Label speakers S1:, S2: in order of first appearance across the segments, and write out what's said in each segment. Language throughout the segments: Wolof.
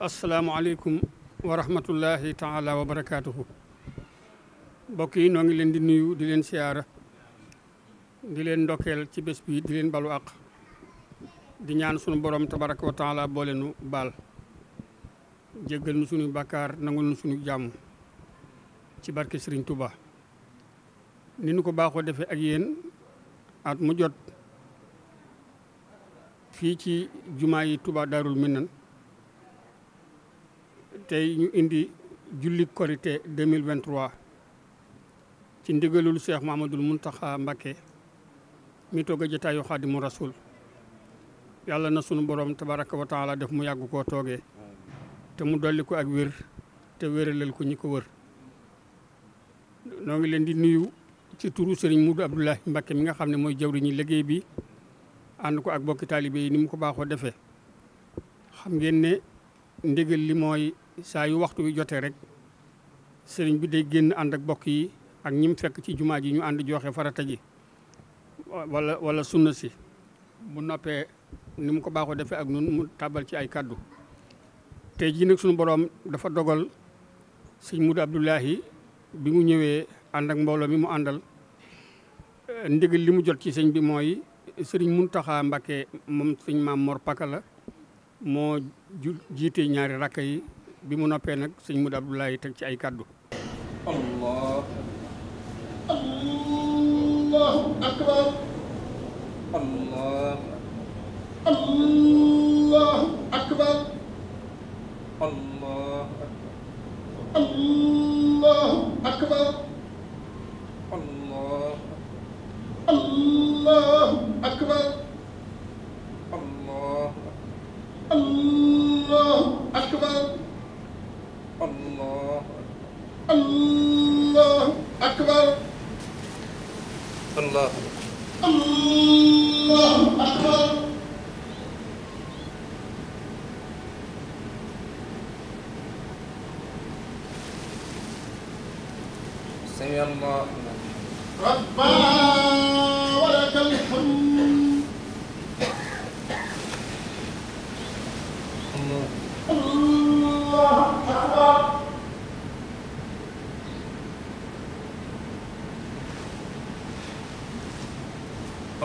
S1: asalaamualeykum wa rahmatullahi taala wa barakaatuhu mbokk yi noo ngi leen di nuyu di leen siyaara di leen ndokkeel ci bés bi di leen balu àq di ñaan sunu borom tabaraka wa taala boole nu baal jéggal nu sunu bakkaar nangul nu sunu jàmm ci barke Serigne Touba ni nu ko baaxoo defee ak yéen at mu jot fii ci jumaa yi Touba Daarul Minan tey ñu indi julli korité 2023 ci ndigalul Cheikh Mahamadul Muntaxa Mbakke mi toog a jotaayu Xaadimu Rasul yàlla na sunu borom tabaraka wa taala def mu yàgg koo toogee te mu dolli ko ak wér te wéralal ko ñi ko wër noo ngi leen di nuyu ci turu mu Mudu Abdoulahi Mbakke mi nga xam ne mooy jawriñu liggéey bi ànd ko ak bokki taalibe yi ni mu ko baaxoo defe xam ngeen ne ndigal li mooy saa yu waxtu wi jotee rek sëriñ bi day génn ànd ak bokk yi ak ñim fekk ci jumaa ji ñu ànd joxe farata ji wala wala sunna si mu noppee ni mu ko baaxoo defee ak nun mu tàbbal ci ay kàddu te jii nag suñu boroom dafa dogal sëñ mu Mudu Abdullahi bi mu ñëwee ànd ak mbooloo mi mu àndal eh, ndigal li mu jot ci sëñ bi mooy sëriñ taxa Mbàkke moom sëñ maam Mor la moo jiite ñaari rakk yi bi mu noppee nag sëñ Modou Abdoulaye teg ci ay kàddu
S2: allah
S1: allah akbar الله الله أكبر
S2: سمع الله
S1: ربنا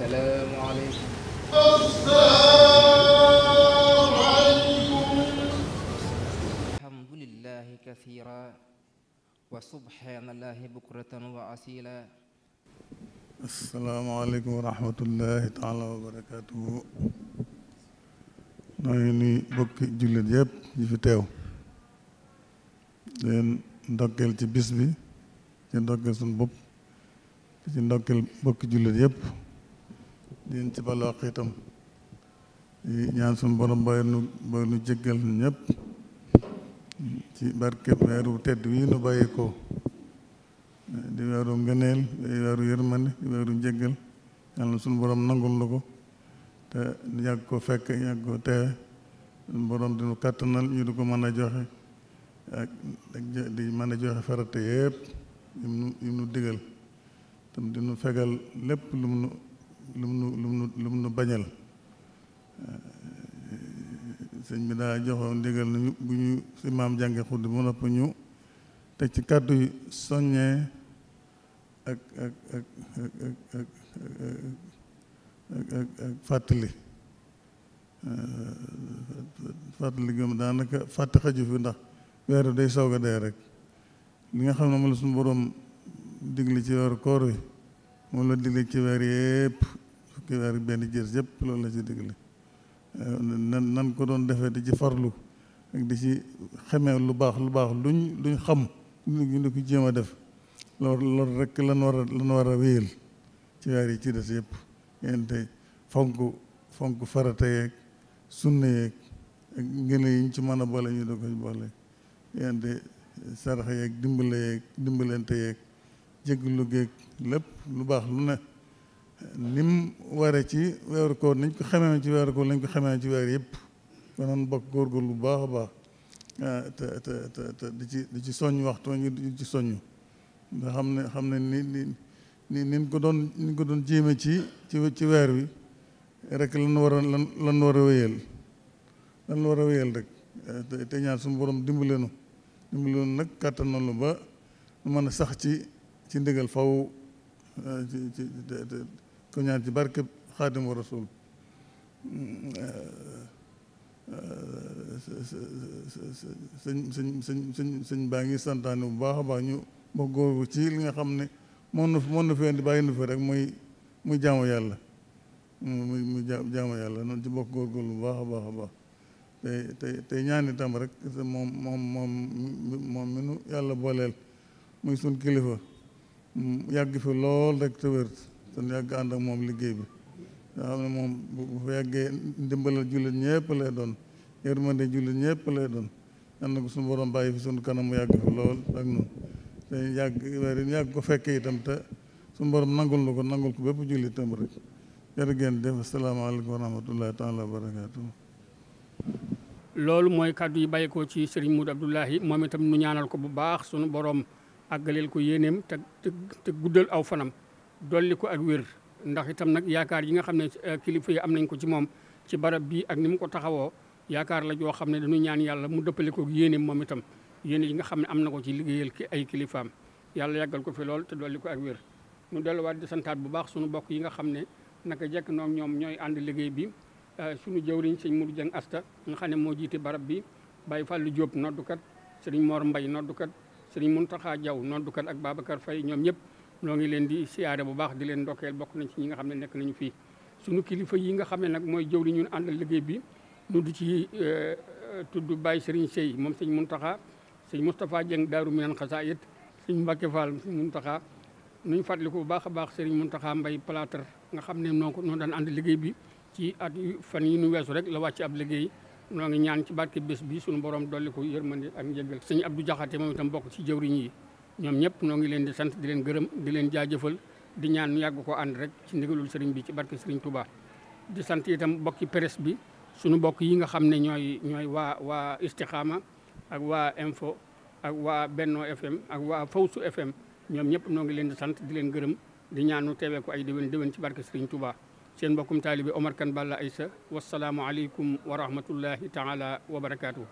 S1: السلام عليكم السلام عليكم الحمد لله كثيرا وسبحان الله بكرة وأصيلا
S2: السلام عليكم ورحمة الله تعالى وبركاته noo ngi nuyu bokki jullit yëpp yi fi teew leen ndokkeel ci bis bi ci ndokkeel suñu bopp ci ndokkeel bokki jullit yëpp din ci baloo xiitam di ñaan suñu borom bay nu bay nu jéggal ñëpp ci weeru tedd wi nu bàyyi ko di weeru ngëneel di weeru yërmande di weeru njéggal yàlla suñu borom nangul lu ko te yàgg ko fekk yàgg ko teewe suñu borom dinu kàttanal ñu di ko mën a joxe ak di mën a joxe farata yëpp yu nu digal tam dinu fegal lépp lu mu lu mu lu mu lu mu nu bañal eh, sëñ bi daa joxoon ndigal nañu bu ñu si maam jànge xudd bu nopp ñu teg ci kàddu yi soññee ak ak ak ak ak ak fàttali eh, fàttali gëm daanaka fàtt xaju fi ndax weeru day soog a dee rek li nga xam ne moom la suñu borom digle ci weeru koor wi moom la digle ci weer yëpp benn jër yëpp loolu la ci digle eh, nan nan ko doon defee di ci farlu ak di ci xeme lu baax lu baax luñ luñ xam ñu di ko jéem a def lool loolu rek lan war a lan war a wéyal ci weer yi ci des yëpp ngeen tey fonk fonk farata yeeg sunna yeeg ak ngeen ñu ci mën a boole ñu di ko boole ngeen tey sarax yeeg dimbale yeeg dimbalante yeeg lu géeg lépp lu baax lu ne nim ware ci weeru koor niñ ko xamee ci weeru koor lañ ko xamee ci weer yëpp konoon bokk góorgóorlu bu baax a baax ah, te te te te di ci di ci soññ waxtu ñu di ci soññ nga xam ne xam ne ni ni ni nin ko doon nin ko doon jéeme ci ci ci weer wi rekk lan war a lan lan war a wéyal lan war a wéyal rek eh, te ñaan suñu borom dimbalenu dimbalenu nag kàttan na lu ba mën a sax ci ci ndigal faw euh, ci ci ci barke xaadimu rasul sëñ sëñ sëñ sëñ sëñ baa ngi santaane bu baax a baax ñu ba góorgu ci li nga xam ne moo nu moo nu fee di bàyyi nu fi rek muy muy jaamu yàlla muy muy jaamu yàlla noonu ci bokk góorgóorlu bu baax a baax a baax te te te ñaan itam rek moom moom moom moom mi nu yàlla booleel muy sun kilifa yàgg fi lool rek te wér te yàgg ànd ak moom liggéey bi nga xam ne moom bu fa yàggee ndimbalal jullit ñëpp lay doon yërmande jullit ñëpp lay doon yal na ko suñu borom bàyyi fi suñu kanam mu yàgg fi lool ak noonu te yàgg weer yàgg ko fekkee itam te suñu borom nangul na ko nangul ko bépp jullit itam rek jërë ngeen def asalaamaaleykum wa rahmatullahi taala barakaatu
S1: loolu mooy kàddu yi bàyyeekoo ci Serigne Modou Abdoulahi moom itam nu ñaanal ko bu baax sunu borom. àggaleel ko yéeneem te te guddal aw fanam dolli ko ak wér ndax itam nag yaakaar yi nga xam ne eh, kilifa yi am nañ ko ci moom ci barab bii ak ni mu ko taxawoo yaakaar la joo xam ne dañu ñaan yàlla mu dëppale ko yéeneem moom itam yéene yi nga xam ne am na ko ci liggéeyal ki ay kilifaam yàlla yàggal ko fi lool te dolli ko ak wér ñu delluwaat di santaat bu baax suñu bokk yi nga xam ne naka jekk noom ñoom ñooy ànd liggéey bi eh, suñu jëwriñ sëñ Modou Dieng asta nga xam ne moo jiite barab bi Baye Fallou Diop noddukat sëriñ Mor Mbay noddukat sëriñ Muntaxa Jaw noddukat ak Babacar Faye ñoom ñëpp ñoo ngi leen di siyaare bu baax di leen ndokkeel bokk nañ ci ñi nga xam ne nekk nañu fii suñu kilifa yi nga xam ne nag mooy jëw li ñun àndal liggéey bi ñu di ci eh, eh, tudd Baye Serigne sëy moom sëñ Muntaxa sëñ Moustapha Dieng Daaru Minan Xasaayit sëñ Mbacke Fall sëñ Muntaxa nuñ fàttaliku bu baax a baax sëriñ Muntaxa Mbay Plâtre nga xam ne noo ko noo daan ànd liggéey bi ci at fan yi nu weesu rek la wàcc ab liggéey noo ngi ñaan ci barke bés bi suñu borom dolli ko yërmande ak njëgal sëñ Abdou Jaxate moom itam bokk ci jëwriñ yi ñoom ñëpp noo ngi leen di sant di leen gërëm di leen jaajëfal di ñaan yàgg ko ànd rek ci ndigalul sëriñ ci barke sëriñ Touba di sant itam bokki presse bi suñu bokk yi nga xam ne ñooy ñooy waa waa Istikhama ak waa Info ak waa Benno FM ak waa Fawsu FM ñoom ñëpp noo ngi leen di sant di leen gërëm di ñaan ñu teewee ko ay déwén déwén ci barke sëriñ Touba seen mbokkum taalibe Omar Kane Balla Aïssa wasalaamualeykum wa rahmatullahi taala wa barakaatu.